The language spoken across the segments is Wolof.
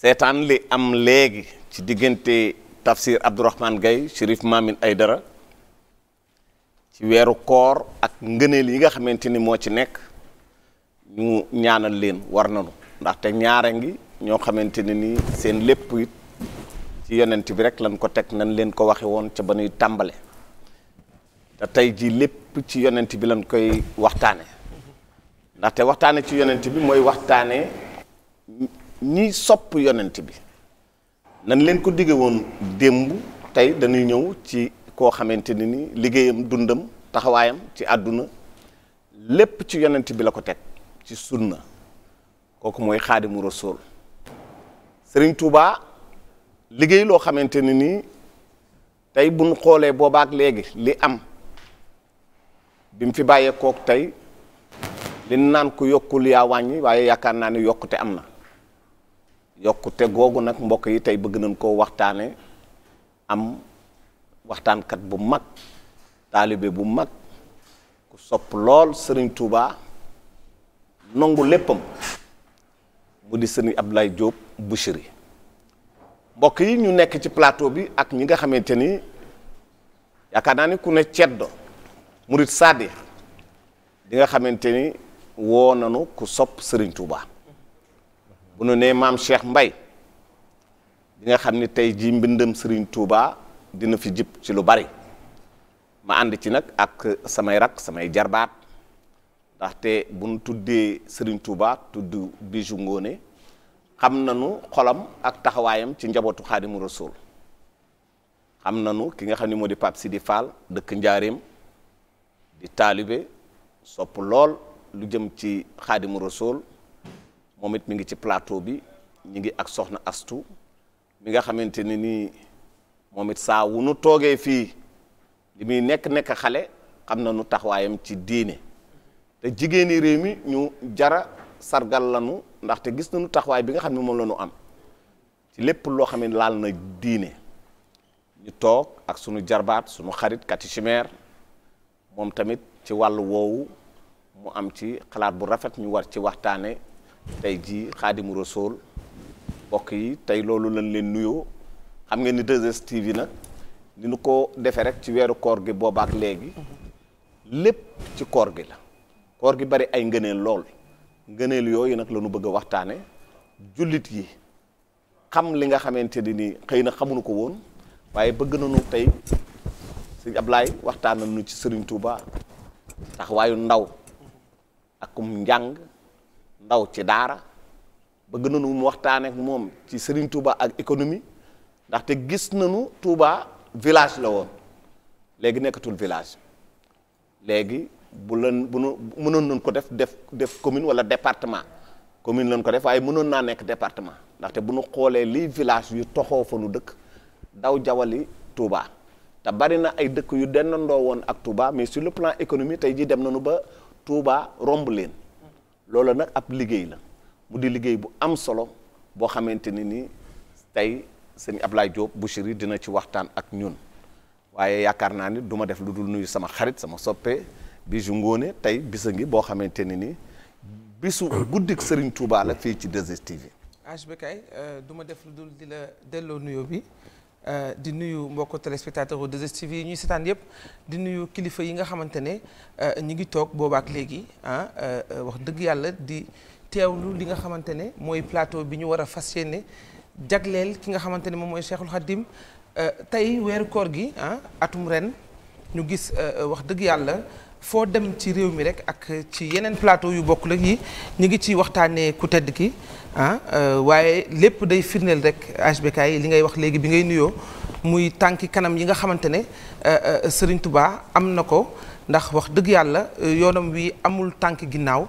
seetaan li am léegi ci diggante tafsir Abdourahmane Gaye Chérif ay dara ci weeru koor ak ngëneel yi nga xamante ni moo ci nekk ñu ñaanal leen war nanu ndaxte ñaara ngi ñoo xamante ne ni seen lépp ci yonent bi rek lañ ko teg nañ leen ko waxe woon ca ba nuy tàmbale te tey ji lépp ci yonent bi lañ koy waxtaane ndaxte waxtaane ci yonent bi mooy waxtaane ñiy sopp yonent bi nan leen ko digge woon démb tey dañuy ñëw ci koo xamante ne ni liggéeyam dundam taxawaayam ci àdduna lépp ci yonent bi la ko teg ci sunna kooku mooy xaadimu rasul sëriñ Touba liggéey loo xamante ne nii tey buñ xoolee boobaak léegi li am bi mu fi bàyyee kook tey li naan ku yokkul yaa wàññi waaye yaakaar naa ne yokkute am na yokkute googu nag mbokk yi tey bëgg nañ koo waxtaane am waxtaankat bu mag taalibe bu mag ku sopp lool sëriñ Touba nongu léppam mu di sëriñ jóob bu Bichri mbokk yi ñu nekk ci plateau bi ak ñi nga xamante ni yaakaar naa ni ku ne ceddo murit sadi di nga xamante ni woo nanu ku sopp sëriñ Touba bu ne maam Cheikh Mbay bi nga xam ni tey ji mbindam sëriñ Touba dina fi jib ci lu bari ma ànd ci nag ak samay rak samay jarbaat ndaxte bu nu tuddee sëriñ Touba tudd Bijou ngoone xam nanu xolam ak taxawaayam ci njabootu Xaadimu Rasuul xam nanu ki nga xam ni moo di si di Fall dëkk Njaareem di taalibe sopp lool lu jëm ci Xaadimu Rasuul moom it mi ngi ci plateau bi ñu ngi ak soxna astu mi nga xamante ne nii moom it saa wu nu toogee fii li muy nekk nekk xale xam na nu taxawaayam ci diine te jigéeni réew mi ñu jara sargal lanu ndaxte gis nañu taxawaay bi nga xam ne moom la ñu am ci lépp loo xam ne laal na diine ñu toog ak sunu jarbaat sunu xarit Kati Chimère moom tamit ci wàll woowu mu am ci xalaat bu rafet ñu war ci waxtaane tey jii xaadimu rasool mbokk yi tey loolu lañ leen nuyoo xam ngeen ni 2STV nag ni nu ko defee rek ci weeru koor gi boobaak léegi lépp ci koor gi la koor gi bari ay ngëneel lool ngëneel yooyu nag la ñu bëgg waxtaane jullit yi xam li nga xamante ni nii xëy na xamuñu ko woon waaye bëgg nañu tey si Ablaye waxtaan nañu ci Serigne Touba taxawaayu ndaw akum njàng ndaw ci daara bëgg nanu mu waxtaan ak moom ci Serigne Touba ak économie ndaxte gis nanu Touba village la woon léegi nekkatul village léegi bu lan bu nu mënoon nañ ko def def def commune wala département commune lañ ko def waaye mënoon naa nekk département ndaxte bu nu xoolee lii village yu toxoo fa nu dëkk daw jawali Touba te bari na ay dëkk yu dennandoo woon ak Touba mais sur le plan économique tey jii dem nañu ba Touba romb leen. loola nag ab liggéey la mu di liggéey bu am solo boo xamante ni ni tey sëñ Ablaye Diop Bichri dina ci waxtaan ak ñun waaye yaakaar naa ni duma def lu dul nuyu sama xarit sama soppe Bijou Ngoné tey bisa ngi boo xamante ni ni bisu guddik Serigne Touba la fii ci 2STV. HBK euh, du ma def lu dul di la delloo nuyoo bi. Euh, di nuyu mbokku téléspectateur 2STV yi ñuy seetaan yëpp di nuyu kilifa yi nga xamante ne euh, ñu ngi toog boobaak léegi ah euh, wax dëgg yàlla di teewlu li nga xamante ne mooy plateau bi ñu war a fas yéene jagleel ki nga xamante ne moom mooy Cheikhul Khadim tey weeru koor gi ah atum ren ñu gis wax dëgg yàlla foo dem ci réew mi rek ak ci yeneen plateau yu bokk la yi ñu ngi ci waxtaanee ku tedd ki ah euh, waaye lépp day firndeel rek HBK yi li ngay wax léegi bi ngay nuyoo muy tànki kanam yi nga xamante ne euh, euh, Serigne Touba am na ko ndax wax dëgg yàlla yoonam wi amul tànk ginnaaw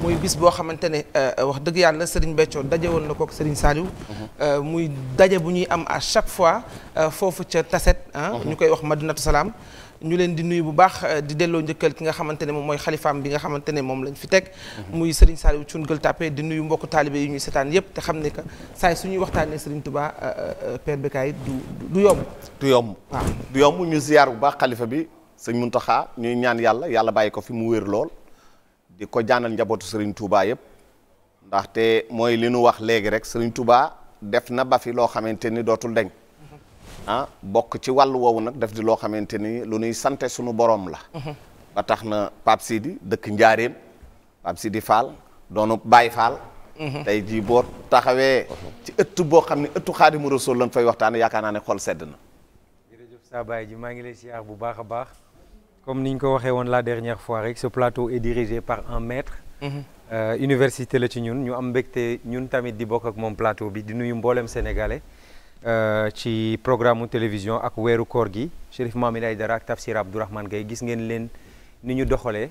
muy bis boo xamante ne euh, wax dëgg yàlla Serigne Béthio daje woon na ko ak Serigne Saliou. Mhm. Euh, muy daje bu ñuy am à chaque fois euh, foofu ca Tasset. Mhm. ñu koy wax Madinatu Salaam. ñu leen di nuyu bu baax di delloo njëkkal ki nga xamante ne moom mooy bi nga xamante ne moom lañ fi teg mhm. muy Serigne Saliou Thioune Gueule Tapée di nuyu mbokku taalibe yi ñuy setaan yépp te xam ne que saa suñuy waxtaanee Serigne Touba Père Bécaye du du yomb du yomb waaw du yomb ñu ziyaar bu baax xalifa bi sëñ Muntaxa ñuy ñaan yàlla yàlla bàyyi ko fi mu wér lool di ko jaanal njabootu Serigne Touba yëpp ndaxte mooy li nu wax léegi rek sëriñ Touba def na ba fi loo xamante ni dootul deñ ah bokk ci wàllu woowu nag def di loo xamante ni lu nuy sante sunu borom la. ba tax na Pape Sidi dëkk Njaareem Pape Sidi Fall doonu Baye Fall. tey jii boo taxawee. ci ëtt boo xam ne ëttu Xaadimu Rasuul lañ fay waxtaanee yaakaar naa ne xol sedd na. comme ni ñu ko waxee woon la dernière fois rek ce plateau est dirigé par un maître. Mhm. Euh, université la ci ñun ñu am mbégte ñun tamit di bokk ak moom plateau bi di nuyu mboolem sénégalais euh, ci programme mu télévision ak weeru koor gi Chérif Mamine Aïdara ak Tafsir Abdourahmane Gaye gis ngeen leen ni ñu doxalee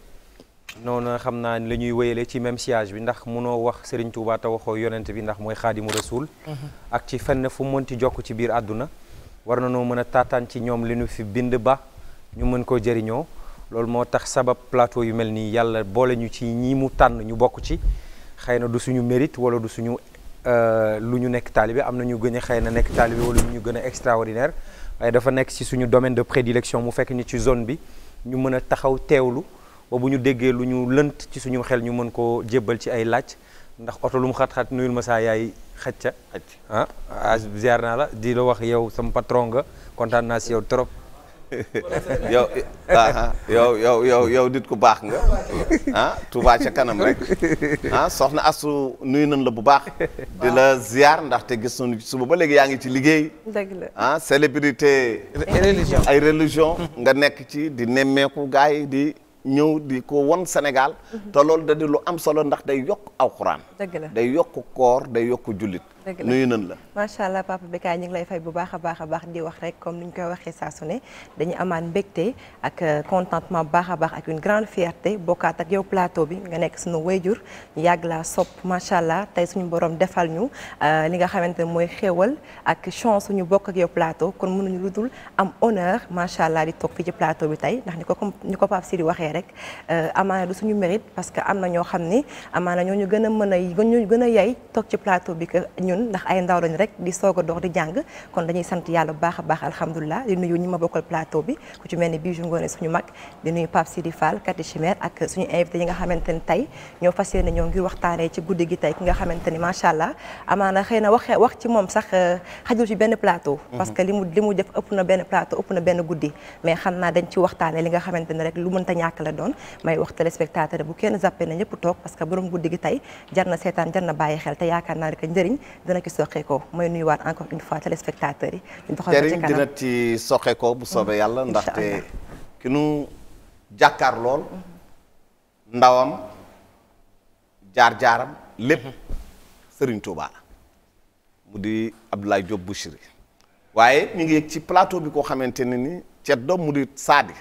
noonu xam naa la ñuy wéyale ci même siège bi ndax mu noo wax Serigne Touba te waxoo yonent bi ndax mooy xaadimu rasul. Mhm. ak ci fenn fu mu jokk ci biir àdduna war na ba. ñu mën koo jëriñoo loolu moo tax sabab plateau yu mel nii yàlla boole ñu ci ñii mu tànn ñu bokk ci xëy na du suñu mérite wala du suñu euh, lu ñu nekk taalibe am na ñu gën a xëy na nekk taalibe wala lu ñu gën a extraordinaire waaye dafa nekk ci suñu domaine de prédilection mu fekk ni ci zone bi ñu mën a taxaw teewlu ba bu ñu déggee lu ñu lënt ci suñu xel ñu mën koo jébbal ci ay laaj ndax oto lu mu xat-xat nuyul ma saa yaay xacca ah, ah ziar naa la di wax yow sama patron kontaan naa si trop Ah, ah, yow yow yow yow yow ku baax nga ah Touba ca kanam rek ah soxna Astu nuyu nañ la bu baax. di la ziar ndaxte gis nañu suba ba léegi yaa ngi ci liggéey. dëgg la ah célébrité. ay religion nga nekk ci di nemmeeku gars yi di. ñëw di ko won Sénégal mhm. te loolu da di lu am solo ndax day yokk alxuraan day yokk koor day yokk jullit nuyu nan la macha papa Bécaye ñu ngi lay fay bu baax a baax a baax di wax rek comme ni ñu koy waxee saa su ne dañu amaan mbégte ak euh, contentement baax a baax ak une grande fierté bokkaat ak yow plateau bi nga nekk suñu wayjur ñu yàgg laa sopp macha allah tey suñu borom defal ñu euh, li nga xamante ne mooy xéewal ak chance ñu bokk ak yow plateau kon mënuñu lu dul am honneur macha allah di toog fii ci plateau bi tey ndax ni ko comme ni ko Pape Sidi waxee rek euh, amaana du suñu mérite parce que am na ñoo xam ni amaana ñoo ñu gën a mën a ñu gën a yay ñun ndax ay ndaw lañ rek di soog a dox di jàng kon dañuy sant yàlla bu baax a baax alhamdulilah di nuyu ñi ma bokkal plateau bi ku ci mel ni Bijou Ngoné suñu mag di nuyu Pape Sidi Fall Kati Chimère ak suñu invité yi nga xamante ni tey ñoo fas yéene ñoo ngir waxtaanee ci guddi gi tey ki nga xamante ni macha allah amaana xëy na wax wax ci moom sax euh, xajul ci benn plateau mhm. parce que li mu li mu def ëpp na benn plateau ëpp na benn guddi mais xam naa dañ ci waxtaanee li nga xamante ni rek lu mënta ñàkk la doon may wax téléspectateur bu kenn zappé na ñëpp toog parce que borom guddi gi na seetaan na bàyyi xel te yaakaar naa rek njëriñ dina ci ko mooy nuyuwaat encore une fois téléspectateurs yi. ñu doxal ko ci kanam dina bu soobee yàlla. ndaxte ki nu jàkkaar lool. ndawam jaar jaaram lépp sëriñ Touba mu di ab Abdoulaye bu Bichri waaye ñu ngi yëg ci plateau bi koo xamante ne ni ceddo mu di saadi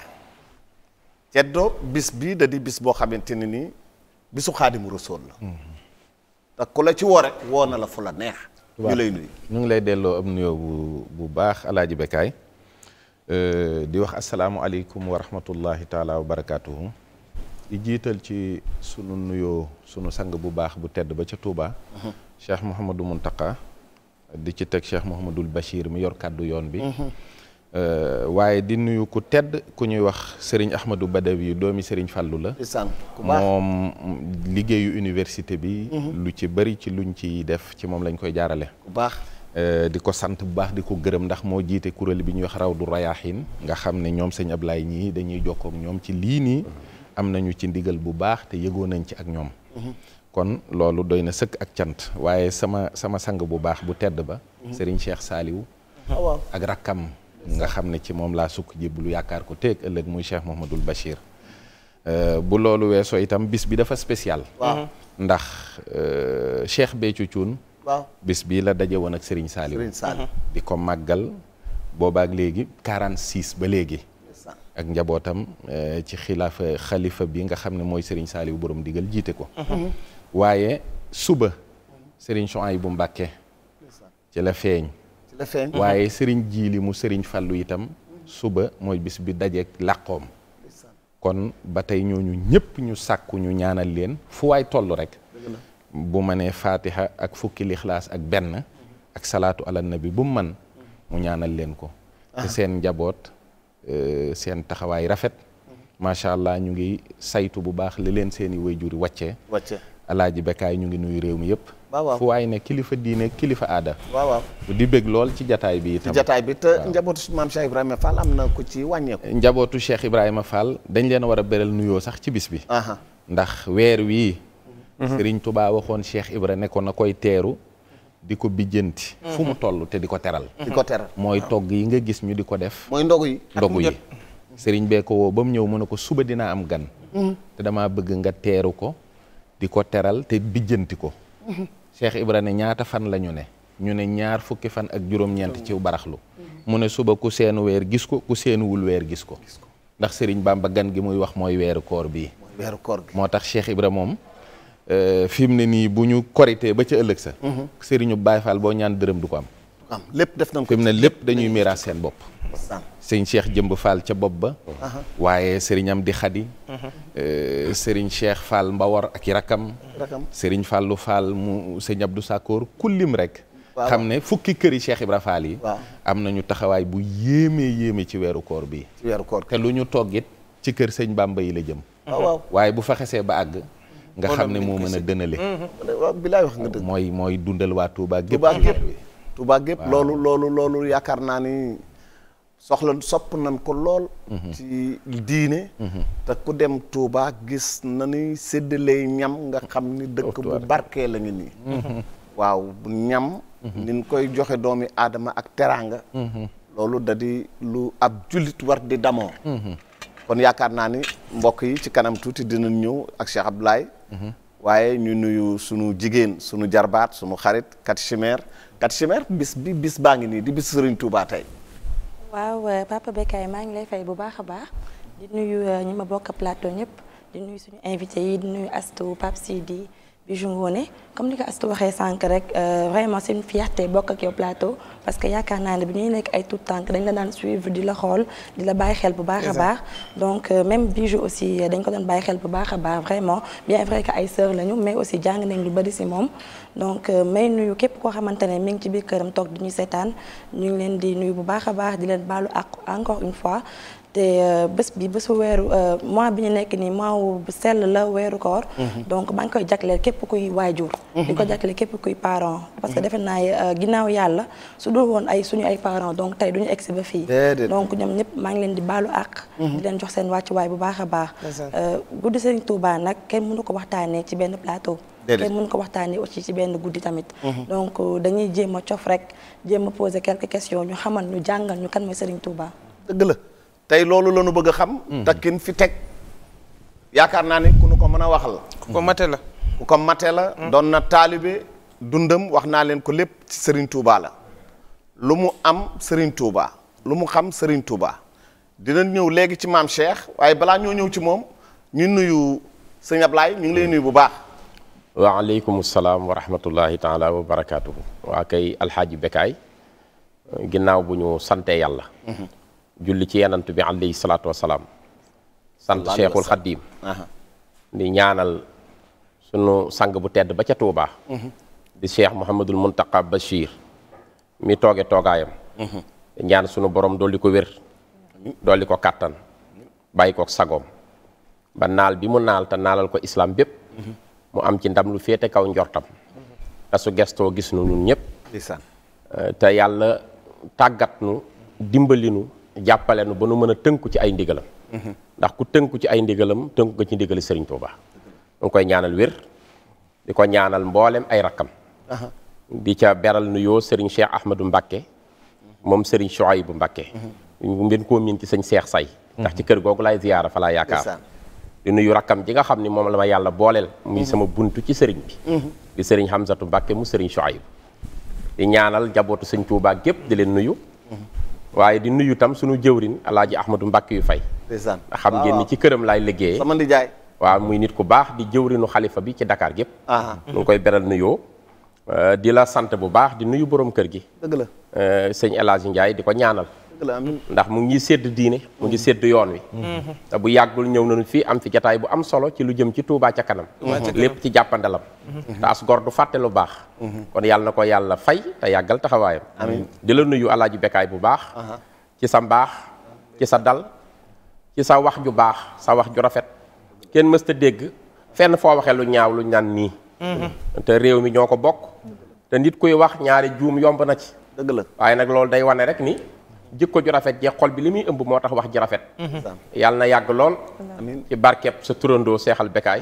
ceddo bis bii da di bis boo xamante ne ni bisu Xaadimu Rasuul la. Mm-hmm. ndax la ci woo rek woo na la fu la neex. ñu lay nuyu ñu ngi lay delloo ab nuyoo bu bu baax alaaji Bekaay euh, di wax asalaamualeykum aleykum rahmatullahi taala wa barakaatuhu di jiital ci sunu nuyoo sunu sang bu baax bu tedd ba ca Touba. Uh-huh. Cheikh Mouhamadou Mountakha di ci teg Cheikh Mouhamadoul Bachir mi yor kàddu yoon bi. Uh-huh. Euh, waaye di nuyu ku tedd ku ñuy wax Serigne Ahmadou Badawi doomi Serigne Fallou la. moom liggéeyu université bi. Mhm. lu ci bëri ci luñ ciy def ci moom lañ koy jaarale. bu baax euh, di ko sant bu baax di ko gërëm ndax moo jiite kuréel bi ñuy wax raw Rawdu Rayaahin nga xam ne ñoom sëñ Ablaye ñii dañuy jokkook ñoom ci lii nii. Mhm. am nañu ci ndigal bu baax te yëgoo nañ ci ak ñoom. Mhm. kon loolu doy na sëkk ak cant waaye sama sama sang bu baax bu tedd ba. Serigne Cheikh Saliou. Ah, ak rakkam. nga xam ne ci moom laa sukk jébbalu yaakaar ko teeg ëllëg muy Cheikh Mouhamadoul Bachir euh, bu loolu weesoo itam bis bi dafa spécial waaw ndax euh, Cheikh Béthio Thioune bis bi la daje woon ak Serigne Saliou mm-hmm. di ko màggal boobaak léegi 46 ba léegi ak njabootam euh, ci xilaafa xalifa bi nga xam ne mooy Serigne Saliou borom digal jiite ko mm-hmm. waaye suba Serigne bu Mbacké ci la feeñ Mhm. waaye sëriñ jiili mu sëriñ fàllu itam suba mooy bis bi dajeeg làqoom kon ba tey ñooñu ñëpp ñu sàkku ñu ñaanal leen fu waay toll rek bu ma nee faatiha ak fukki lixlaas ak benn ak salaatu ala bi bum man mu ñaanal leen ko ah. te seen njaboot euh, seen taxawaay rafet mhm. macha allah ñu ngi saytu bu baax li leen seeni i way juri wàccee alaaji bekaay ñu ngi nuyu réew mi yëpp waaw fu waay ne kilifa diine kilifa aada. waaw di bég lool ci jataay bi itam. ci jataay bi te njabootu maam Cheikh Ibrahima Fall am na ko ci wàññeeku. njabootu Cheikh Ibrahima Fall dañ leen war a beral nuyoo sax ci bis bi. ndax weer wii. Mhm. Serigne Touba waxoon Cheikh Ibra ne ko na koy teeru. di ko bijjanti. Mhm. fu mu toll te di ko teral. mooy togg yi nga gis ñu di ko def. mooy ndogu yi ndogu yi. bee ko woo ba mu ñëw mu ne ko suba dina am gan. Mhm. te damaa bëgg nga teeru ko. di ko teral te bijjanti ko. Cheikh Ibra ne ñaata fan la ñu ne ñu ne ñaar fukki fan ak juróom-ñeent ci baraxlu mu ne suba ku seenu weer gis ko ku seenuwul weer gis ko ndax sëriñ Serigne ba gan gi muy wax mooy weeru koor bii weeru koor moo tax Cheikh Ibra moom euh, fi mu ne nii bu ñu korité ba ca ëllëg sax mhm. sëriñu Baye Fall boo ñaan dërëm du ko am am lépp def nañ ko mu ne lépp dañuy miiraas seen bopp. sëñ Cheikh Jëmb Fall ca bopp ba. waaye sëriñam di Xadi. Euh, sëriñ Cheikh Fall Mbawar ak i rakam. rakam sëriñ Fallu Fall mu sëñ Abdou Sakkoor kullim rek. xam ne fukki këri Cheikh Ibra Fall yi. am nañu taxawaay bu yéemee yéeme ci weeru koor bi ci weeru koor te lu ñu toggit ci kër sëñ Bàmba yi la jëm. waaye bu fa xesee ba àgg. nga xam ne moo mën a dënale. waaw bilaay wax mooy mooy dundal waa Touba gépp Touba gépp loolu loolu loolu yaakaar naa ni soxla sopp nan ko lool mhm. ci diine mhm. te ku dem tuubaa gis na ni séddalee ñam nga xam ni dëkk bu barkee la nii mhm. waaw ñam nin koy joxe doomi aadama ak teraanga loolu da lu ab jullit war di damoo kon yaakaar naa ni mbokk yi ci kanam tuuti dina ñëw ak Cheikh Abdoulaye waaye ñu nuyu sunu jigéen sunu jarbaat sunu xarit kat chimère Kat Chimère bis bi bis baa ngi nii di bis Serigne Touba tey. waaw euh, Papa Bekkay maa ngi lay fay bu baax a baax di nuyu euh, ñi ma bokk plateau ñëpp di nuyu suñu invité yi di nuyu Astou Pape Sidi. Bijou Ngoné comme ni ko Astou waxee sànq rek euh, vraiment c'est une fierté bokk ak yow plateau parce que yaakaar naa ne bi ñuy nekk ay tout tànk dañ la daan suivre di la xool di la bàyyi xel bu baax a baax donc euh, même Bijou aussi euh, dañ ko doon bàyyi xel bu baax a baax vraiment bien vrai que ay sœur lañu mais aussi jàng nañ lu bari si moom donc may nuyu képp koo xamante ne mi ngi ci biir këram toog di ñu seetaan ñu ngi leen di nuyu bu baax a baax di leen baalu ak encore une fois te euh, bés bi bésu weeru euh, mois bi ñu nekk nii mois wu sell la weeru koor. Mhm. donc maa ngi koy jagleel képp kuy jur mhm. di ko jagleel képp kuy parent. parce que mhm. defe naa euh, ginnaaw yàlla su dul woon ay suñu ay parents donc tey du ñu egg si ba fii. donc ñoom ñëpp maa ngi leen di baalu àq. di leen jox seen wàccuwaay bu baax a baax. guddi Serigne Touba nag kenn mënu ko waxtaanee ci benn plateau. déedéet mën ko waxtaanee aussi ci benn guddi tamit. donc dañuy jéem a cof rek jéem a poser quelques questions ñu xamal ñu jàngal ñu kan mooy Serigne Touba. tey loolu la bëgg a xam. Mhm. takkin fi teg yaakaar naa ni ku nu ko mën a waxal. ku ko la. ku ko mate la. Mhm. doon na taalibe dundam wax naa leen ko lépp ci Serigne Touba la lu mu am sëriñ Touba lu mu xam Serigne Touba dinañ ñëw léegi ci maam Cheikh waaye balaa ñoo ñëw ci moom ñu nuyu sëñ Ablaye ñu ngi lay nuyu bu baax. waaleykum salaam wa rahmatullahi taala wa barakaatuhu. waa kay Alxaaji Bekaay ginnaaw bu ñu sante yàlla. Mhm. julli ci yenant bi alayhi salaatu wasalaam sant cheikhul xaddim di ñaanal sunu sang bu tedd ba ca Touba. Mhm. di cheikh Mouhamadul Muntaqa Bachir mi tooge toogaayam mhm. ñaan sunu borom dolli ko wér dolli ko kàttan bàyyi ko sagoom ba naal bi mu naal te naalal ko islaam bépp mhm. mu am ci ndam lu féete kaw njortam te su gestoo gis nu ñun ñëpp te yàlla tàggat nu dimbalinu jàppale nu ba nu mën a tënku ci ay ndigalam ndax ku tënku ci ay ndigalam tënku nga ci ndigali sëriñ Tuuba ñu koy ñaanal wér di ko ñaanal mboolem ay rakkam bi ca beral nuyoo sëriñ Cheikh Ahmadou Mbakke moom sëriñ Chouaïbou Mbakke ngeen koo miin ci sëñ Cheikh Say ndax ci kër googu laay ziyaara fa laa yaakaar di nuyu rakkam ji nga xam ni moom la ma yàlla booleel muy mhm. sama bunt ci sëriñ bi mhm. di sëriñ Hamzatu Mbakke mu sëriñ Chouaïbou di ñaanal jabootu sëñ Tuuba gépp di leen nuyu mhm. waaye di nuyu tam suñu jëwrin alaaji ahmadou mbàkk yu fay xam ngeen ni ci këram laay liggéeyee sama nijaay waaw muy nit ku baax di jëwrinu xalifa bi ci Dakar gépp nu ngi koy beral nuyoo euh, di la sant bu baax di nuyu borom kër gi dëgg la euh, sëñ El Ndiaye di ko ñaanal ndax mu ngi sédd diine mu ngi sedd yoon wi mm-hmm. te bu yàggul ñëw nañu fii am fi jataay bu am solo ci lu jëm ci tuubaa ca kanam lépp ci jàppandalam mm-hmm. te as gor du fàtte lu baax mm-hmm. kon yàlla na ko yàlla fay te yàggal taxawaayam di la nuyu alaaji Bekaay bu baax ci sa mbaax ci sa dal ci sa wax ju baax sa wax ju rafet kenn mësta dégg fenn foo waxee lu ñaaw lu ñaan nii te réew mi ñoo ko bokk te nit kuy wax ñaari juum yomb na ci dëgg la waaye nag loolu day wane rek ni jikko ju rafet jee xol bi li muy ëmb moo tax wax ji rafet mhm. yàlla na yàgg lool ci barkeb sa turandoo seexal bekaay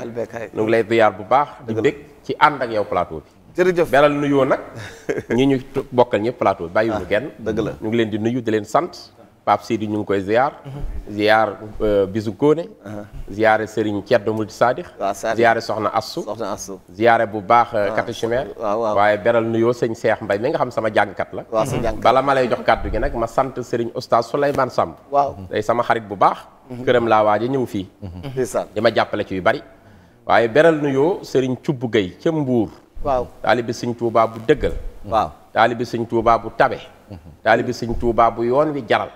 nu ngi lay ziyaar bu baax di bég ci ànd ak yow plateau bi jërëjëf beral nuyoo nag ñi ñu bokkal ñëpp plateau bi bàyyiwuñu ah, kenn dëgg la ñu ngi leen di nuyu di leen sant Pape Sidi ñu ngi koy ziar. Mhm. ziar euh, bisu Kone. Uh-huh. ziare sëriñ Thierno Moulti Sadix. waaw Sadix Soxna Assu. Soxna bu baax. Euh, ah, catéchumène waaye beral nuyoo sëñ Cheikh mbay mi nga xam sama jàngkat la. bala ma lay jox kàddu gi nag ma sant Serigne Oustaz Souleymane Samb. waaw day sama xarit bu baax. Mhm. këram laa waaj a ñëw fii. Mhm. di ma jàppale ci yu bari. waaye beral nuyoo Serigne Thioub gay ca Mbour. waaw taalibi sëñ Touba bu dëggal. waaw taalibi sëñ Touba bu tabe. taalibi sëñ Touba bu yoon wi jaral.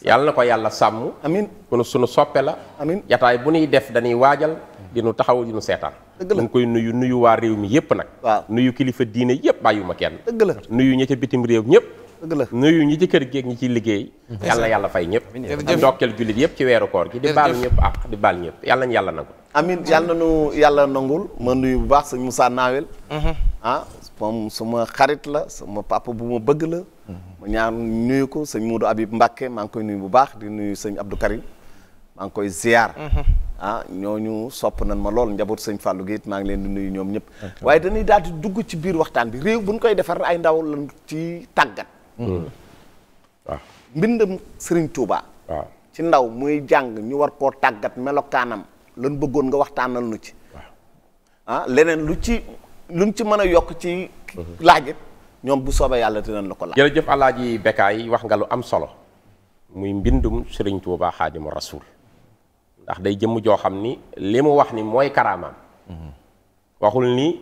yàlla na ko yàlla sàmm amin kunu sunu soppe la amin jataay bu nuy def dañuy waajal di nu taxaw di nu seetaan dëgg la koy nuyu nuyu waa réew mi yëpp nag waaw nuyu kilifa diine yëpp ma kenn dëgg la nuyu ñi ca bitim ñëpp dëgg la nuyu ñi ci kër géeg ñi ciy liggéey yàlla yàlla fay ñëpp ndokkeel jullit yëpp ci weeru koor gi di baal ñëpp ak di baal ñëpp yàlla nañ yàlla nangul amin yàlla nangul ma nuyu bu baax sëñ Moussa Nawel mhm. ah moom xarit la sama papa bu ma bëgg la ma ñaan nuyu ko sëñ Moudou Habib Mbacke maa ngi koy nuyu bu baax di nuyu sëñ Abdou Karim maa ngi koy ziar. Mhm. ah ñooñu sopp nañ ma lool njaboot sëñ Fallou gi maa ngi leen di nuyu ñoom ñëpp. waaye dañuy daal di dugg ci biir waxtaan bi réew bu ñu koy defar ay ndaw lañ ci tàggat. Mhm. waaw mbindam Serigne Touba. ci ndaw muy jàng ñu war koo tàggat melokaanam lañ bëggoon nga waxtaanal nu ci. Ah, leneen lu ci luñ ci mën a yokk ci mhm. laajit ñoom bu soobee yàlla dinañ la ko laaj. jërëjëf Alaaji yi wax nga lu am solo muy mbindum Serigne Touba Xaadimu Rasuul ndax day jëmm joo xam ni li mu wax ni mooy karaamaam. waxul ni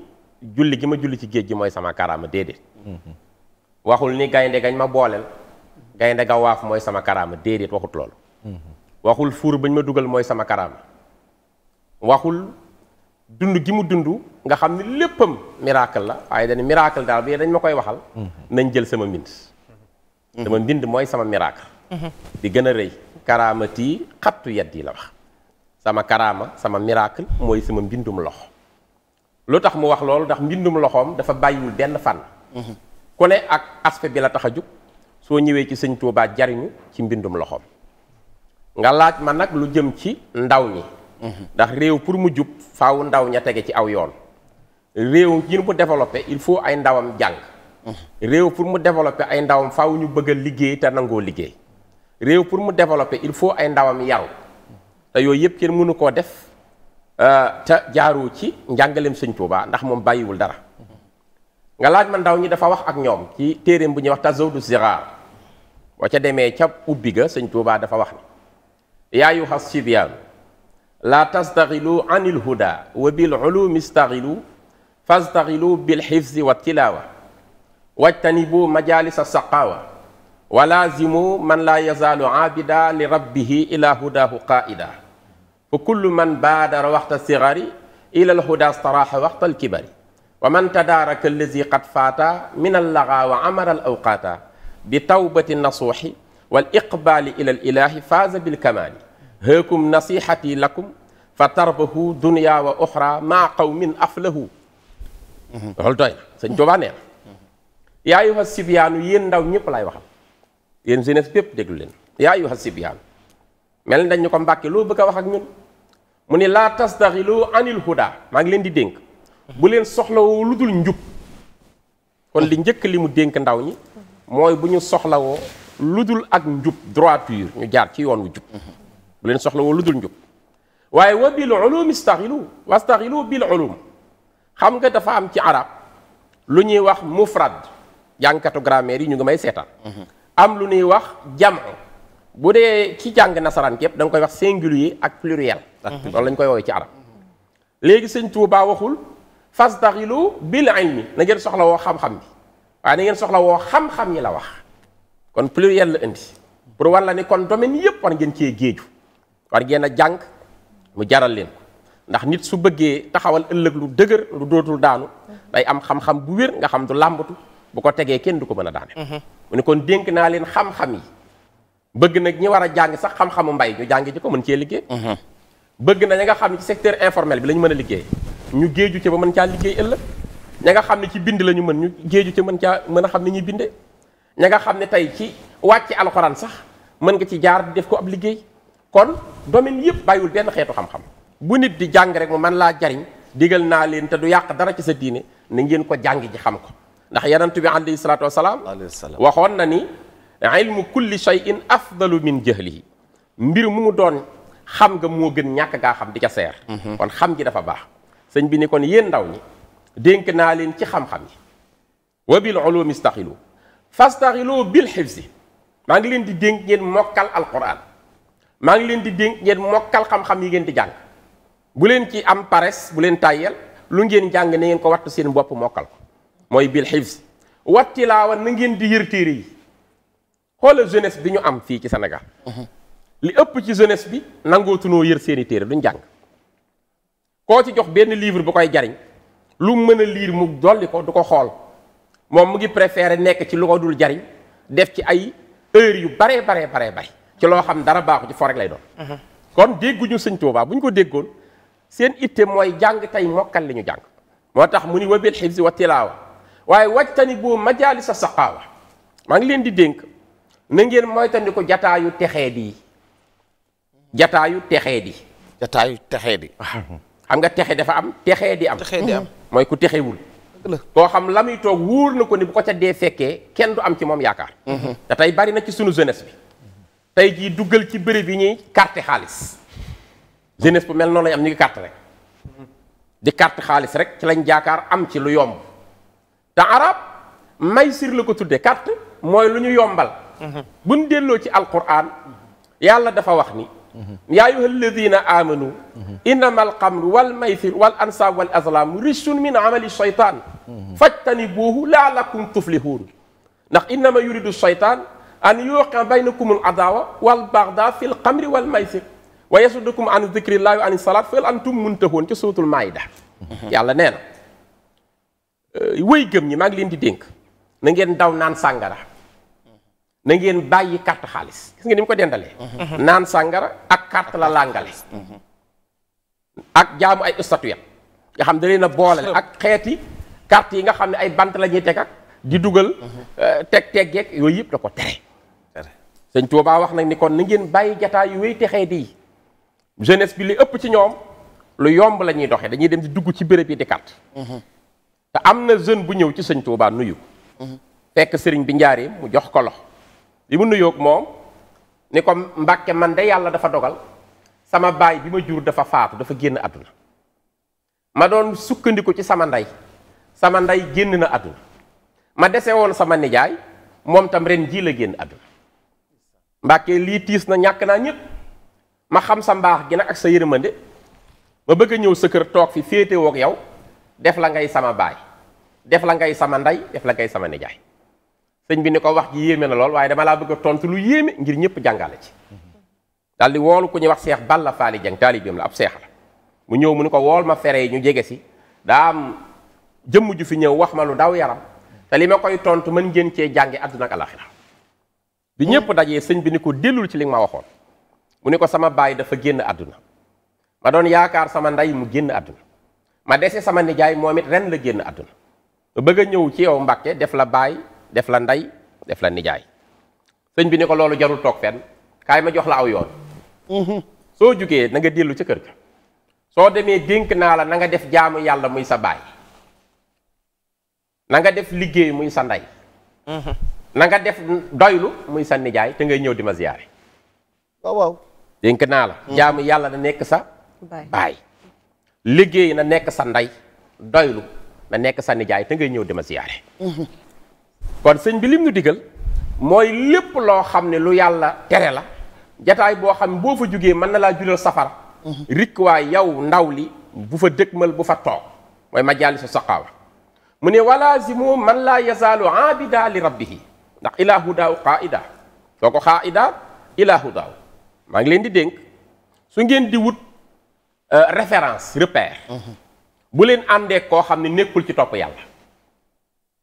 julli gi ma julli ci géej gi mooy sama karaama déedéet. waxul ni gaynde gañ ma booleel gaynde ga waaf mooy sama karaama déedéet waxut loolu. Mhm. waxul fuur bañ ma dugal mooy sama karaama waxul. dund gi mu dund nga xam ne léppam miracle la waaye dañu miracle daal bi dañ ma koy waxal mhm. nañ jël sama mbind mhm. sama mbind mooy sama miracle mhm. a rëy karaamati xattu yat yi sama karaama sama miracle mooy sama mbindum loxo lu tax mu wax loolu ndax mbindum loxoom dafa bàyyiwul benn fànn ku ne ak aspect bi la tax a jug soo ñëwee ci sëñ Tuubaa jariñu ci mbindum loxoom nga laaj ma nag lu jëm ci ndaw ñi ndax réew pour mu jub faaw ndaw ña tege ci aw yoon réew ngir mu développé il faut ay ndawam jàng réew pour mu développé ay ndawam faaw ñu bëgg a liggéey nangoo liggéey réew pour mu développé il faut ay ndawam yaru te yooyu yëpp kenn mënu koo def euh, te jaaro ci njàngaleem sëñ Tuubaa ndax moom bàyyiwul dara nga laaj ma ndaw ñi dafa wax ak ñoom ci téeréem bu ñuy wax tazawudu sigaar wa ca demee ca ubbi ga sëñ Tuubaa dafa wax na yaayu xas sibyaan laa tastaxilu an il huda wa bil ulumi staxilu fastaxilu bil xifzi wa tilaawa wajtanibu majalisa saqaawa wa laazimu man laa yazaalu aabida li rabbihi ila hudahu qaa'ida fa kullu man baadara waxta sigari ila al huda staraxa waxta al kibari wa man tadaaraka allazi qad faata min al lagaa wa amara al awqaata bi tawbati nasuuxi wal iqbaali ila al ilaahi faaza bil kamaali hëekum nasihati lakum fa tarbahu dunya wa oxra maa qawmin aflahu loolu doy na sëñ Tuubaa nee na yaa ayyuha sibyaanu yéen ndaw ñëpp laay waxal yéen jeunesse bépp déglu leen yaa ayyuha sibyaanu mel ni dañ ñu ko mbàkke loo bëgg a wax ak ñun mu ne laa tastaxilu anil huda maa ngi leen di dénk bu leen soxlawoo lu dul njub kon li njëkk li mu dénk ndaw ñi mooy bu ñu soxlawoo lu dul ak njub droiture ñu jaar ci yoon wu jub bu leen soxla woo lu dul njub waaye wa bil ulum istaxilu wastaxilu bil ulum xam nga dafa am ci arab lu ñuy wax mufrad jàngkatu grammaire yi ñu ngi may seetaan am lu nuy wax jam bu dee ci jàng nasaraan képp da nga koy wax singulier ak pluriel mhm. loolu lañ koy woowee ci arab léegi sëñ Tuubaa waxul fastaxilu bil ilmi na ngeen soxla woo xam-xam bi waaye na ngeen soxla woo xam-xam yi la wax kon pluriel la indi pour war la ni kon domaine yëpp war ngeen cee géeju war ngeen a jàng mu jaral leen ko ndax nit su bëggee taxawal ëllëg lu dëgër lu dootul daanu day am xam-xam bu wér nga xam du làmbatu bu ko tegee kenn du ko mën a daane mhm. mu ne kon dénk naa leen xam-xam yi bëgg nag ñi war a jàng sax xam mbay ñu jàng ci ko mën cee liggéey mhm. bëgg na ña nga xam ne ci secteur informel bi la mën a liggéey ñu géeju ci ba mën caa liggéey ëllëg ña nga xam ne ci bind la ñu mën ñu géeju ci mën caa mën a xam ne ñuy binde ña nga xam ne tey ci wàcc alxuraan sax mën nga ci jaar def ko ab liggéey kon domaine yëpp bàyyiwul benn xeetu xam-xam bu nit di jàng rek mu mën laa jariñ digal naa leen te du yàq dara ci sa diine na ngeen ko jàng ji xam ko ndax yanantu bi alayhi salaatu wasalaam waxoon na ni ilmu kulli shay'in afdalu min jahlihi mbir mu doon xam nga moo gën ñàkk gaa xam di ca seer mhm. kon xam gi dafa baax sëñ bi ni kon yéen ndaw ñi dénk naa leen ci xam-xam yi wa bil ulumi istaxilu fastaxilu bil xifsi maa ngi leen di dénk ngeen mokkal alquran maa ngi leen di dénk ngeen mokkal xam-xam yi ngeen di jàng bu leen ci am paresse bu leen tàyyeel lu ngeen jàng na ngeen ko wattu seen bopp mokkal ko mooy bil laa wattilaawa na ngeen di yër téere yi xoolal jeunesse bi ñu am fii ci Sénégal mhm. li ëpp ci jeunesse bi nangootunoo yër seeni téere duñ jàng koo ci jox benn livre bu koy jariñ lu mën a liir mu dolli ko du ko xool moom mu ngi préféré nekk ci lu ko dul jariñ def ci ay heures yu baree baree baree bari ci loo xam dara baaxu ci fo rek lay doon. kon dégguñu sëñ Tuubaa bu ñu ko déggoon seen itte mooy jàng tey mokkal li ñu jàng. moo tax mu ni wa bil si wa tilaawa waaye waj tani boo majaalisa saqaawa maa ngi leen di dénk na ngeen moytandiku jataayu texee di jataayu texee di. jataayu texee di. xam nga texe dafa am texee di am. texee di am mooy ku texewul. koo xam la muy toog wóor na ko ni bu ko ca dee fekkee kenn du am ci moom yaakaar. Mhm. te tey bari na ci sunu jeunesse bi. tey jii duggal ci bëri bi ñuy carte xaalis jeunesse bu mel noo lañ am ñu ngi carte rek di carte xaalis rek ci lañ jaakaar am ci lu yomb te arab may sir la ko tuddee carte mooy lu ñu yombal buñ delloo ci alquran yàlla dafa wax ni yaa ayuha alladina amanu innama alxamru wal maysir wal ansaab wal azlam rijsun min amali shaytaan fajtanibuuhu laalakum tuflihuun ndax innama yuridu shaytaan an yuqa baynakumul adawa wal baxda fil xamri wal maysir wa yasudukum an zikrillahi wa an salaat fal antum muntahoon ca suratul maida yàlla nee na euh, wéy gëm ñi maa ngi leen di dénk na ngeen daw naan sàngara na ngeen bàyyi carte xaalis gis nga mu ko dendalee naan sàngara ak carte la làngale ak jaamu ay statuette nga xam da leen a boolale ak xeeti carte yi nga xam ne ay bant la ñuy teg di dugal euh, teg teg yeeg yooyu yëpp da ko tere sëñ Tuubaa wax nag ni kon ni ngeen bàyyi jataay yu wéy texee di jeunesse bi li ëpp ci ñoom lu yomb la ñuy doxee dañuy dem di dugg ci béréb yi di carte mhm. te am na jeune bu ñëw ci sëñ Tuubaa nuyu mhm. fekk sëriñ bi njaari mu jox ko lox li mu nuyook moom ni ko Mbàkke man de yàlla dafa dogal sama baay bi ma jur dafa faatu dafa génn àdduna ma doon sukkandiku ci sama ndey sama ndey génn na àdduna ma dese woon sama nijaay moom tam ren jii la génn àdduna mbàkke lii tiis na ñàkk naa ñëpp ma xam sa mbaax gi nag ak sa de ma bëgg ñëw sa kër toog fi féete wook yow def la ngay sama baay def la ngay sama ndey def la ngay sama nijaay sëñ bi ni ko wax ji yéeme na lool waaye dama laa bëgg tontu lu yéeme ngir ñëpp jàngale ci daal di woolu ku ñuy wax seex Balla Faali Jeng taalibeem la ab seex mu ñëw mu ni ko wool ma fere ñu jege si daa jëmm ju fi ñëw wax ma lu daw yaram te li ma koy tontu mën ngeen cee jànge àdduna ak alaxira bi oh. ñëpp dajee sëñ bi ni ko dellul ci li nga ma waxoon mu ni ko sama baay dafa génn àdduna ma doon yaakaar sama ndey mu génn àdduna ma dese sama nijaay moom it ren la génn àdduna ba bëgg a ñëw ci yow Mbàkke def la baay def la ndey def la nijaay sëñ bi ni ko loolu jarul toog fenn kaay ma jox la aw yoon mhm. soo jugee na nga dellu ca kër ga soo demee dénk naa la na nga def jaamu yàlla muy sa baay nanga def liggéey muy sa ndey mhm. na nga def doylu muy sa nijaay te ngay ñëw di ma ziyaare waaw waaw dénk naa la mm-hmm. jaamu yàlla na nekk sa baay liggéey na nekk sa ndey doylu na nekk sa nijaay te ngay ñëw di ma ziyaare mm-hmm. kon sëñ bi lim nu digal mooy lépp loo xam ne lu yàlla tere la jataay boo xam ne boo fa jógee mën na laa jural safara mm-hmm. rik waa yow ndaw li bu fa dëgmal bu fa toog mooy majaalisu saqaawa mu ne walaazimu man laa yazaalu aabida li rabbihi ndax ilaahu daaw xaa ida soo ida ilaahu daaw maa ngi leen di dénk su ngeen di wut euh, référence repère mm-hmm. bu leen àndee koo xam ne nekkul ci topp yàlla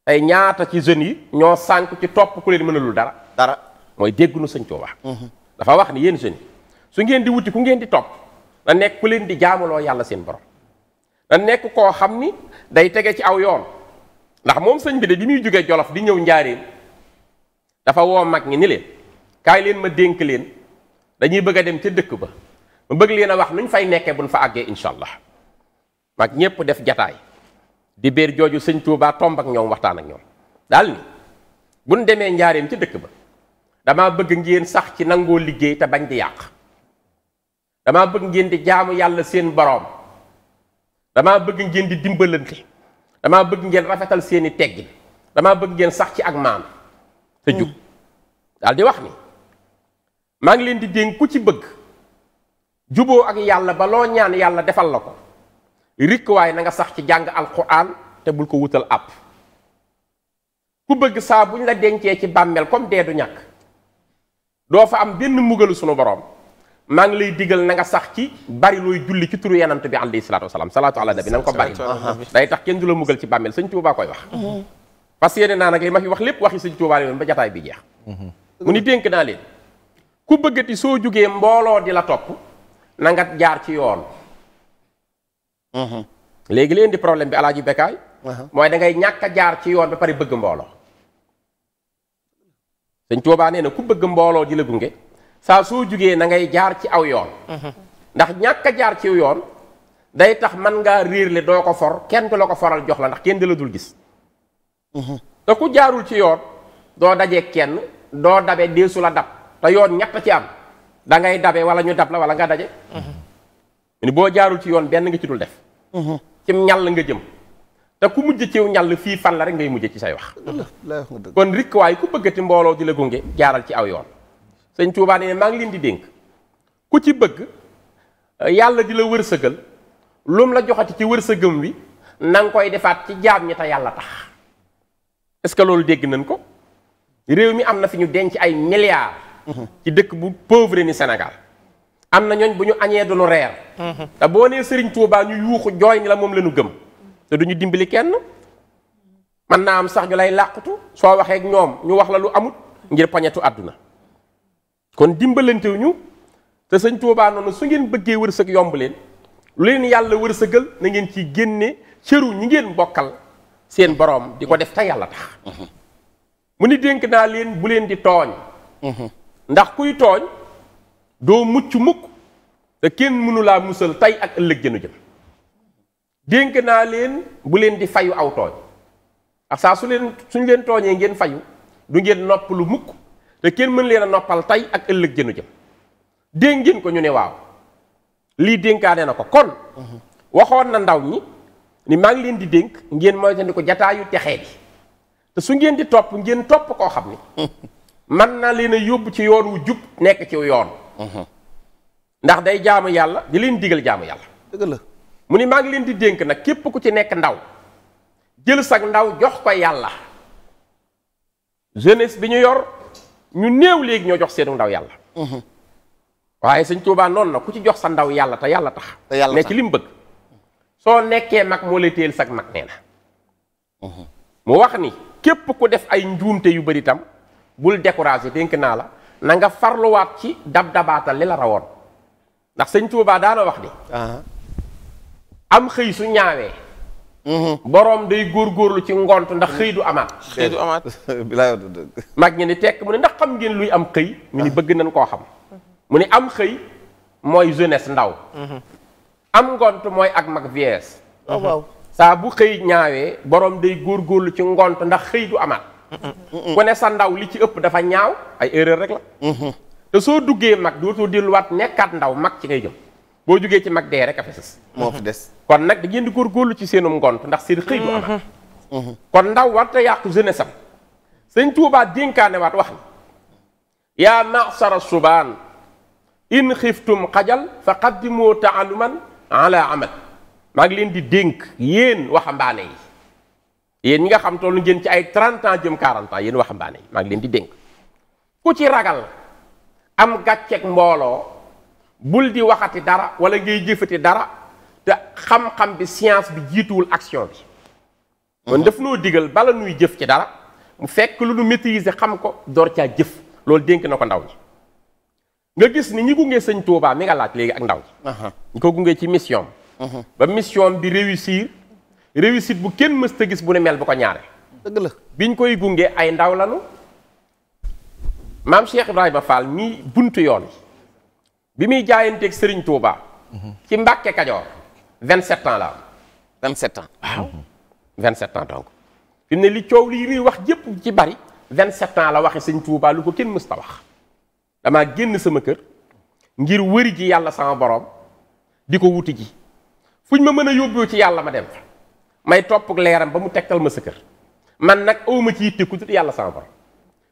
tey ñaata ci jeunes yi ñoo sànk ci topp ku leen mënalul dara dara mooy déggunu sëñ Tuuba mm-hmm. dafa wax ni yéen jeunes su ngeen di wuti ku ngeen di topp na nekk ku leen di jaamuloo yàlla seen borom na nekk koo xam ni day tege ci aw yoon ndax moom sëñ bi de bi muy jógee Jolof di ñëw njaareem dafa woo mag ñi ni leen kaay leen ma dénk leen dañuy bëgg a dem ca dëkk ba ma bëgg leen a wax nuñ fay nekkee buñ fa àggee incha allah mag ñépp def jataay di béer jooju sëñ Touba tomb ak ñoom waxtaan ak ñoom daal ni buñ demee njaareem ca dëkk ba damaa bëgg ngeen sax ci nangoo liggéey te bañ di yàq damaa bëgg ngeen di jaamu yàlla seen boroom damaa bëgg ngeen di dimbalante damaa bëgg ngeen rafetal seeni teggin damaa bëgg ngeen sax ci ak maam te jub daal di wax ni maa ngi leen di dénk ku ci bëgg juboo ak yàlla ba loo ñaan yàlla defal la ko rikk waaye na nga sax ci jàng alquran te bul ko wutal àpp ku bëgg saa ñu la dencee ci bàmmeel comme dee du ñàkk doo fa am benn mugalu sunu borom maa ngi lay digal na nga sax ci bari looy julli ci turu yenant bi alayhi salaatu wasalaam salaatu ala nabi na nga ko bari day tax kenn du la mugal ci bàmmeel sañ Tuubaa koy wax mm-hmm. parce que yéene naa nag li ma fi wax lépp waxi sëñ Tuubaa yoon ba jataay bi jeex mu ni dénk naa leen ku bëggati soo jógee mbooloo di la topp na nga jaar ci yoon léegi leen di problème bi alaaji Bekkaay mooy da ngay ñàkk a jaar ci yoon ba pare bëgg mbooloo sëñ Tuubaa nee na ku bëgg mbooloo di la gunge saa soo jógee na ngay jaar ci aw yoon ndax ñàkk a jaar ci yoon day tax man ngaa réerle doo ko for kenn du la ko foral jox la ndax kenn du la dul gis Mhm. te ku jaarul ci yoon doo dajeeg kenn doo dabe deesu la dab te yoon ñett ci am dangay ngay dabe wala ñu dab la wala nga daje. Mhm. ni boo jaarul ci yoon benn nga ci dul def. Mhm. cim ñàll nga jëm. te ku mujj ciw ñàll fii fan la rek ngay mujj ci say wax. kon rikkuwaay ku bëggati mbooloo di la gunge jaaral ci aw yoon. sëñ Tuubaa ne maa ngi leen di dénk ku ci bëgg yàlla di la wërsëgal lum la joxati ci wërsëgam wi nang koy defaat ci jaam ñi te yàlla tax. est-ce que loolu dégg nañ ko réew mi am na fi ñu denc ay milliards. ci dëkk bu pauvre ni Sénégal. am na ñooñ bu ñu añee du nu reer. te boo nee Serigne Touba ñu yuuxu jooy ni la moom leenu gëm. te du ñu dimbali kenn mën naa am sax ñu lay làqutu soo waxee ak ñoom ñu wax la lu amut ngir poñetu àdduna. kon dimbalantewuñu te sëñ Touba noonu su ngeen bëggee wërsëg yomb leen lu leen yàlla wërsëgal na ngeen ci génne cëru ñi ngeen bokkal. seen boroom di ko def te yàlla mhm. mu ni dénk naa leen bu leen di tooñ mhm. ndax kuy tooñ doo mucc mukk te kenn mënulaa musal tey ak ëllëg jënu jëm dénk naa leen bu leen di fayu aw tooñ ak saa su leen suñ leen tooñee ngeen fayu du ngeen nopp lu mukk te kenn mën leen a noppal tey ak ëllëg jënu jëm dénk ngeen ko ñu ne waaw lii dénkaane na ko kon mhm. waxoon na ndaw ñi ni maa ngi leen di dénk ngeen moytandi ko jataayu texe bi te su ngeen di topp ngeen topp koo xam ni man naa leen a yóbbu ci yoon wu jub nekk ci yoon ndax day jaamu yàlla di leen digal jaamu yàlla dëgg mu ni maa ngi leen di dénk nag képp ku ci nekk ndaw jël sag ndaw jox ko yàlla jeunesse bi ñu yor ñu néew léegi ñoo jox seenu ndaw yàlla waaye sëñ Tuubaa noonu na ku ci jox sa ndaw yàlla te yàlla tax ne ci lim mu bëgg soo nekkee mag moo la téyel sag mag nee na mu wax ni képp ku def ay njuumte yu bari tam bul découragé dénk naa la nanga farluwaat ci dab dabaatal li la rawoon ndax sëñ Tuubaa daana wax ni am xëy su ñaawee mhm. boroom day góorgóorlu ci ngont ndax xëy du amaat xëy du amaat bilaay mag ñi ni tekk mu ne ndax xam ngeen luy am xëy mu ni ah. bëgg nañ koo xam mu ni am xëy mooy jeunesse ndaw mhm. am ngont mooy ak mag viees oh, mhm. saa bu xëy ñaawee borom day góorgóorlu ci ngont ndax xëy du amaat ku ne sa ndaw li ci ëpp dafa ñaaw ay erreur rek la mm-hmm. te soo duggee mag dootoo delluwaat nekkaat ndaw mag ci ngay jëm boo jugee ci mag dee rek a fees moo fi des kon nag da ngeen góor góorgóorlu ci seenum ngont ndax seen xëy du amaat mm-hmm. Mm-hmm. kon ndaw warta yàqu jeunesse am sëñ Tuubaa dénkaane wax ni yaa masara subaan in xiftum xajal fa qaddimoo taaluman ala amal maa ngi leen di dénk yéen waxambaane yi yéen ñi nga xam tollu ngeen ci ay 30 jëm 40 yéen waxambaane yi maa ngi leen di dénk ku ci ragal am gàcceeg mbooloo bul di waxati dara wala ngay jëfati dara te xam-xam bi science bi jiituwul action bi man daf noo digal bala nuy jëf ci dara mu fekk lu nu maîtriser xam ko door caa jëf loolu dénk na ko ndaw ñi nga gis ni ñi gunge sëñ Touba mi nga laaj léegi ak ndaw ñi ko gunge ci mission ba mission bi réussir réussite bu kenn mës ta gis bu ne mel bu ko ñaare dëgg la biñ koy gunge ay ndaw lanu maam Cheikh Ibrahima Fall mii buntu yoon bi muy jaayanteeg sëriñ Touba mhm. ci Mbàkke Kajoor vingt sept ans la am vingt sept ans waaw ne li coow lii réy wax jëpp ci bari vingt sept la waxe sëñ Touba lu ko kenn mës wax damaa génn sama kër ngir wëri ji yàlla sama boroom di ko wuti ji fuñ ma mën a yóbboo ci yàlla ma dem fa may topp leeram ba mu tegtal ma sa kër man nag awma ci yitte ku dul yàlla sama borom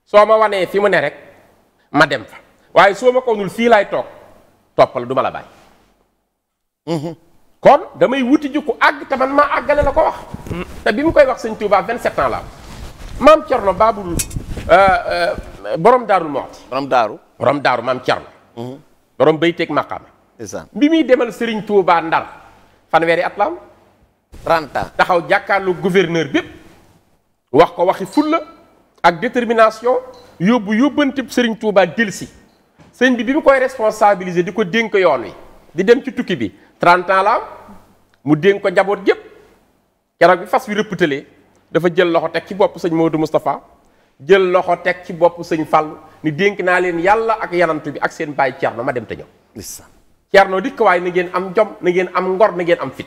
soo ma wanee fi mu ne rek ma dem fa waaye soo ma ko nul fii laay toog toppal duma ma la bàyyi mhm. kon damay wuti ji ku àgg te man maa àggale la ko wax te bi mu koy wax sëñ Touba vingt ans la am maam Cerno Baabul euh, euh, borom daarul Muxti borom daaru borom daaru maam Thierno. Mhm. borom bayteeg maqaama. bi muy demal Serigne Touba Ndar fanweeri at la taxaw jàkkaarloo gouverneur bépp wax ko waxi fulla ak détermination yóbbu yóbbante Serigne Touba delsi sëñ bi bi mu koy responsabiliser di ko dénk yoon wi di dem ci tukki bi 30 ans la am mu dénk ko jaboot gépp keroog bi fas wi rëpputalee dafa jël loxo teg ci bopp sëñ Modou Moustapha. jël loxo teg ci bopp sëñ Fallou ni dénk naa leen yàlla ak yanantu bi ak seen bàyyi Thierno ma dem te ñëw. Thierno dikk waaye na ngeen am jom na ngeen am ngor na ngeen am fit.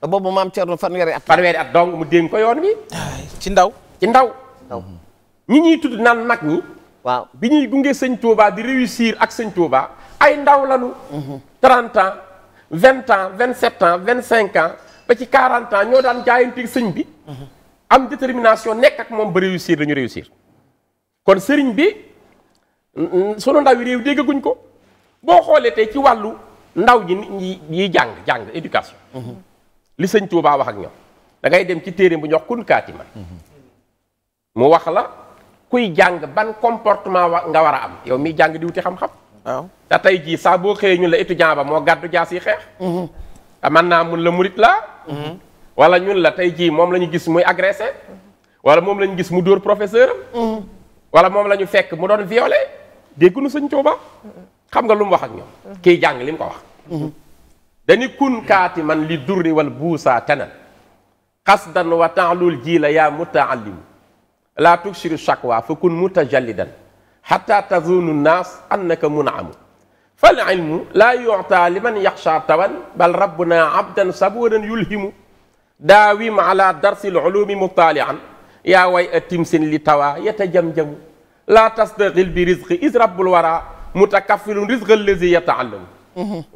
te boobu maam Thierno fanweeri at. fanweeri at donc mu dénk ko yoon wi. ci ndaw ci ndaw. ñi ñuy tudd naan nag ñi. waaw bi ñuy gunge sëñ Touba di réussir ak sëñ Touba ay ndaw lañu. 30 mhm. ans 20 ans 27 vingt cinq ans ba ci 40 ans ñoo daan jaayanteeg sëñ bi. Mhm. am détermination nekk ak moom ba réussir dañu réussir kon sëriñ bi sunu ndaw yi réew déggaguñ ko boo xoolee tey ci wàllu ndaw ji nit ñi jàng jàng éducation. Mm-hmm. li sëñ Touba wax ak ñoom dangay dem ci téere bu ñu wax kun kaatima mm-hmm. mu wax la kuy jàng ban comportement wa nga war a am yow miy jàng di wuti xam-xam. waaw te tey jii saa boo xëyee ñu la étudiant ba moo gàddu jaas yi xeex. man mm-hmm. naa mun la murit laa. wala ñun la tey jii moom la ñu gis muy agressé wala moom lañu ñu gis mu dóor professeur am wala moom lañu fekk mu doon violé déggunu sëñ Tuuba xam nga lu mu wax ak ñoom kii jàng li mu ko wax dañu kun kaati man li durri wal buusaa tenan xasdan wa taalul jii la yaa mutaallimu laa tukshiru shakwa fa kun mutajallidan xatta tazunu naas annaka munaamu fal ilmu laa yuuta liman yaxsha tawan bal rabbuna abdan saburan yulhimu daawim ala darsi lulumi mutaalian yaa way a timsin li tawaa yatajamjamu laa tasdaxil bi risqi is rabbul wara mutakaffilun risqa allazi yataallamu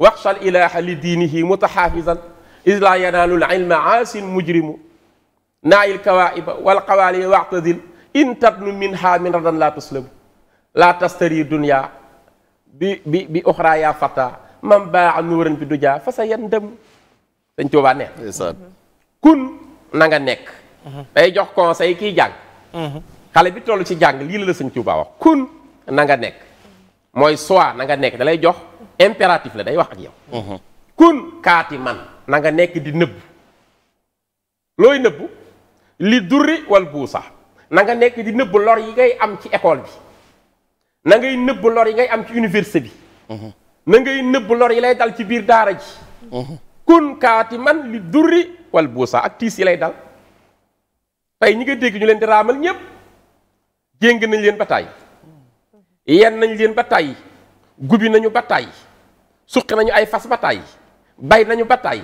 waxshal ilaha li diinihi mutaxaafizan is laa yanaalu l ilma aasin mujrimu naayil kawaaiba wal qawaaliya waxtadil in tabnu minha min radan laa tuslamu laa tastari dunya bi bi bi oxra yaa fata man baa nuuran bi dujaa fa sa yandamu dañ coobaa neex kun na nga nekk. Mhm. day jox conseil kiy jàng. Mhm. xale bi toll ci jàng lii la la sëñ Tuubaa wax kun na nekk. mooy soit na nga nekk dalay jox impératif la day wax ak yow. Mhm. kun kaati man na nga nekk di nëbbu. looy li durri wal buusa na nga nekk di nëbbu lor yi ngay am ci école bi na ngay nëbbu lor yi ngay am ci université bi. na ngay lor yi lay dal ci biir daara ji. kun kaati man li durri. wal buusa ak tiis yi lay dal tey ñi nga dégg ñu leen di raamal ñépp jéng nañ leen ba tàyyi yenn nañ leen ba tàyyi gubi nañu ba tàyyi suqi nañu ay fas ba tàyyi bay nañu ba tàyyi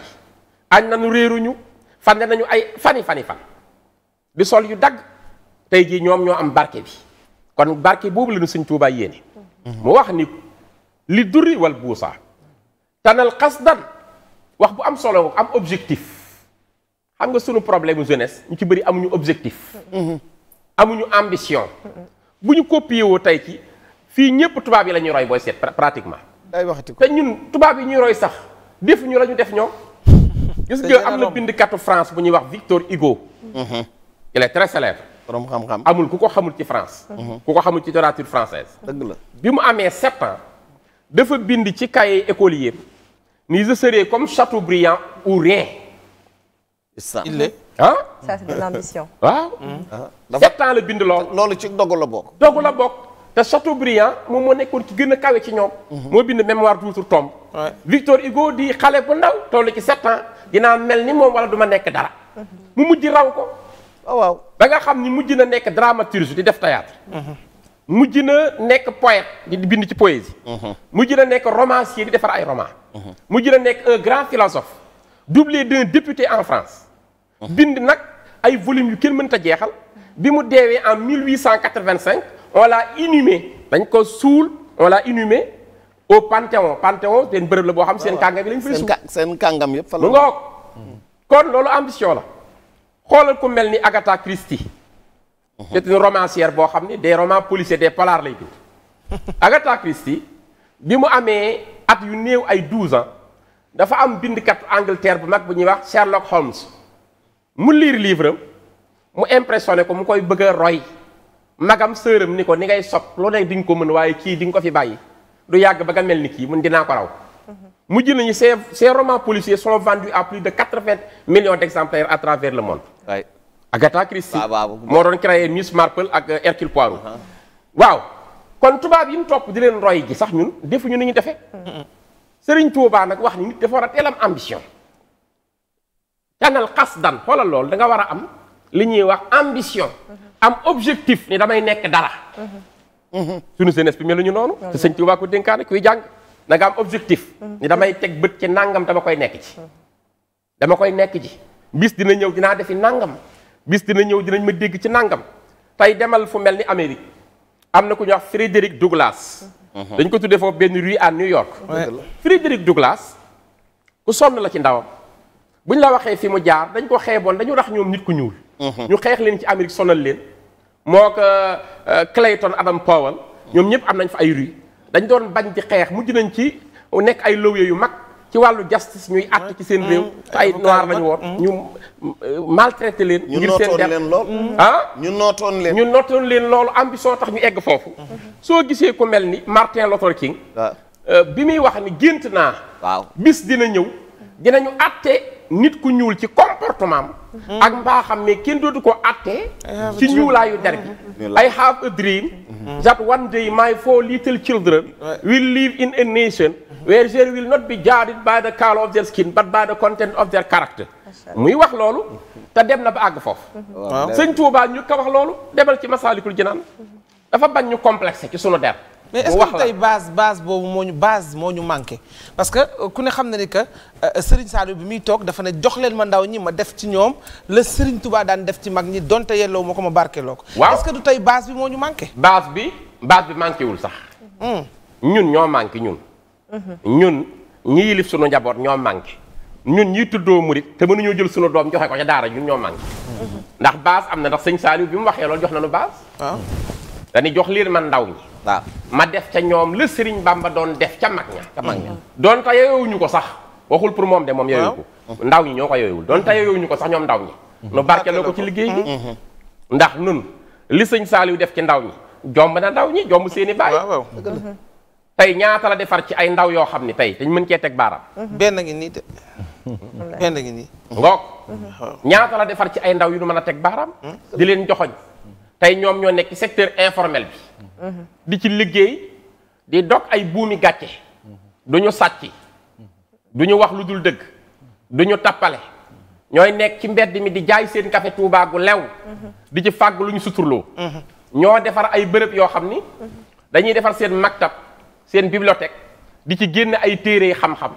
añ nañu réeruñu fande nañu ay fani fani fan di sol yu dagg tey jii ñoom ñoo am barke bi kon barke boobu la ñu sëñ Tuubaa mu wax ni li durri wal buusa tanal xas xasdan wax bu am solo am objectif xam nga sunu problème jeunesse ñu ci bëri amuñu objectif. Mm-hmm. amuñu ambition. Mm-hmm. bu ñu copié woo tey ci fii ñëpp tubaab yi la ñuy roy booy seet pratiquement. day waxati ko te ñun tubaab yi ñuy roy sax defuñu la ñu def ñoom. gis nga am na bindkatu France bu ñuy wax Victor Hugo. Mm-hmm. il est très célèbre. borom xam amul ku ko xamul ci France. ku ko xamul ci littérature française dëgg la bi mu amee sept ans. dafa bind ci cahier écolier ni je serai comme Chateaubriand ou rien. il ah. ça c'est de l'ambition. waaw. Ah? Ah. sept ans la bind lool. loolu ci dogu la bokk. dogu la bokk te Chateaubriand moom moo nekkoon ci gën a kawe ci ñoom. Mhm. moo bind mémoire d'outre-tombe. Victor Hugo di xale bu ndaw toll ci sept ans dinaa mel ni moom wala du ma nekk dara. mu mujj raw ko. Oh, waaw ba nga xam ni mujj na nekk dramaturge di def théâtre. Mhm. mujj na nekk poète di bind ci poésie. Mhm. mujj na nekk romancier di defar ay romans. mujj na nekk un grand philosophe doublé d'un député en France. bind nag ay volumes yu kenn mënta jeexal bi mu deewee en 1885 on l'a inhumé dañ ko suul on l'a inhumé au Panthéon Panthéon seen bërëb la boo xam seen ah, kàngam yi lañ fay suul seen kàngam yëpp fa la nga kon loolu ambition la xoolal ku mel ni Agatha Christie mhm. c'est une romancière boo xam ni des romans policiers des polars lay bind Agatha Christie bi mu amee at yu néew ay 12 ans dafa am bindkat Angleterre bu mag bu ñuy wax Sherlock Holmes mu liir livre am mu impressionné ko mu koy bëgg a roy magam sëram ni ko ni ngay sob loo ne di nga ko mën waaye kii di nga ko fi bàyyi du yàgg ba nga mel ni kii mun dinaa ko raw mu mujj nañu ces ces romans policiers sont vendus à plus de quatre-vingts millions d'exemplaires à travers le monde. waay Agatha Christie. moo doon créé Miss Marple ak euh, Hercule Poirot. Uh-huh. waaw kon tubaab yi mu topp di leen roy gi sax ñun defuñu ni ñu defee. Serigne Touba nag wax ni nit dafa war a teel ambition. xas xasdan xoolal loolu danga war a am li ñuy wax ambition. am objectif ni damay nekk dara. sunu jeunesse bi meluñu noonu. te sëñ Tuubaa ko dénkaane kuy jàng na am objectif. Mm-hmm. ni damay teg bët ci nangam dama koy nekk ci. dama koy nekk ci bis dina ñëw dinaa defi nangam bis dina ñëw dinañ ma dégg ci nangam tey demal fu mel ni Amérique am na ku ñuy wax Frédéric Douglass. Mm-hmm. dañ ko tuddee foofu benn rue à New York. Frédéric Douglass ku sonn la ci ndawam. bu buñ la waxee fi mu jaar dañ ko xeeboon dañu rax ñoom nit ku ñuul. Mhm. ñu xeex leen ci Amérique sonal leen. moo ko euh, Clayton Adam Powell. ñoom ñëpp am nañ fa ay rue dañ doon bañ ci xeex mujj nañ ci nekk ay lawyer yu mag ci wàllu justice ñuy àtt ci seen réew. Mhm. ay noir lañu woon mhm. ñu euh, maltraité leen. ngir seen der ah ñu nootoon leen. ñu nootoon leen loolu ambition tax ñu egg foofu. soo gisee ku mel ni Martin Luther King. Euh, bi muy wax ni gént naa. waaw bis dina ñëw dinañu àtte. nit ku ñuul ci comportement am mm. ak mbaaxam ne kenn dootu ko attee ah, ci ñuulaayu der bi mm-hmm. I have a dream mm-hmm. that one day my four little children will live in a nation mm-hmm. where they will not be judged by the color of their skin but by the content of their character muy wax loolu te dem na ba àgg foofu sëñ Tuubaa ñu ko wax loolu demal ci Masaalikul Jinaan dafa bañ ñu complexe ci sunu der mais est-ce que tey base base boobu moo ñu base moo ñu manqué parce que euh, ku ne xam na ni que euh, euh, Serigne Saliou bi muy toog dafa ne jox leen ma ndaw ñi ma def ci ñoom la Serigne Touba daan def ci mag ñi donte yelloo ma ko ma barkeloo ko. waaw que du tey bi moo ñu manqué. base bi base bi manqué wul sax. Hmm. ñun ñoo manqué ñun. ñun ñi sunu njaboot ñoo manqué. ñun ñi tuddoo murit te mënuñoo jël sunu doom joxe ko ca daara ñun ñoo manqué. Hmm. ndax base am na sëñ Saliou bi mu waxee loolu jox na nu base. waaw ah. jox liir man ndaw ñi. waaw ma def ca ñoom la Serigne Bamba doon def ca mag ña ca mag ña doon te ko sax waxul pour moom de moom yeyowu ko ndaw ñi ñoo ko yeyowul doon te yeyowuñu ko sax ñoom ndaw ñi mm-hmm. nu barkeloo ko ci liggéey gi mm-hmm. ndax nun li sëñ Saliou def ci ndaw ñi jomb na ndaw ñi jomb seeni baay tey ñaata la defar ci ay ndaw yoo xam ni tey dañ mën cee teg baaraam mm-hmm. benn ngi nii de benn ngi ñaata la defar ci ay ndaw yu nu mën a teg baaraam di leen joxoñ tey ñoom ñoo nekk ci secteur informel bi di ci liggéey di dog ay buumi gàcce du ñu sàcc du ñu wax lu dul dëgg du ñu tappale ñooy nekk ci mbedd mi di jaay seen café Touba gu lew di ci fàgg lu ñu suturloo ñoo defar ay bërëb yoo xam ni dañuy defar seen maktab seen bibliothèque di ci génn ay téere xam-xam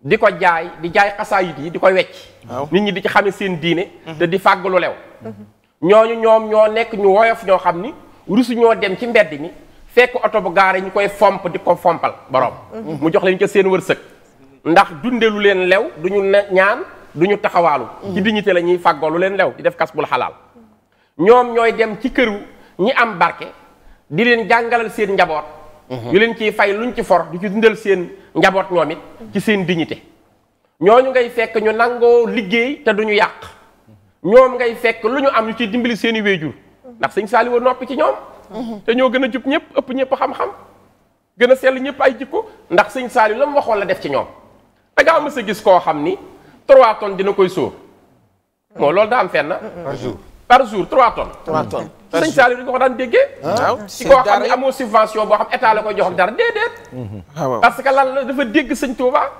di ko jaay di jaay xasaayit yi di ko wecc nit ñi di ci xame seen diine te di fàgg lu lew ñooñu ñoom ñoo nekk ñu woyof ñoo xam ni rusu ñoo dem ci mbedd mi fekk oto bu gaar yi ñu koy fomp di ko fompal borom. Mhm. mu jox leen ca seen wërsëg. ndax dundelu leen lew du ñu ñaan du ñu taxawaalu. Mhm. ci dignité la ñuy fàggoo lu leen lew di def kas bul xalaal. ñoom ñooy dem ci këru ñi am barke di leen jàngalal seen njaboot. yu mhm. leen ciy fay luñ ci for du ci dundal seen njaboot ñoom it. ci seen dignité ñooñu ngay fekk ñu nangoo liggéey te du ñu yàq. ñoom ngay fekk lu ñu am ñu ciy dimbali seeni i wéjur ndax sëñ Saliou noppi ci ñoom te ñoo gën a jub ñëpp ëpp ñëpp xam-xam gën a sell ñëpp ay jikko ndax sëñ Saliou la mu waxoon la def ci ñoom da ngaa mës a gis koo xam ni trois dina koy sóor moo loolu daa am fenn par jour par jour trois tonnes trois tonnes sëñ Saliou ko daan déggee waaw ci koo xam ne amoo subvention boo xam état la koy jox dara déedéet parce que lal la dafa dégg sëñ Touba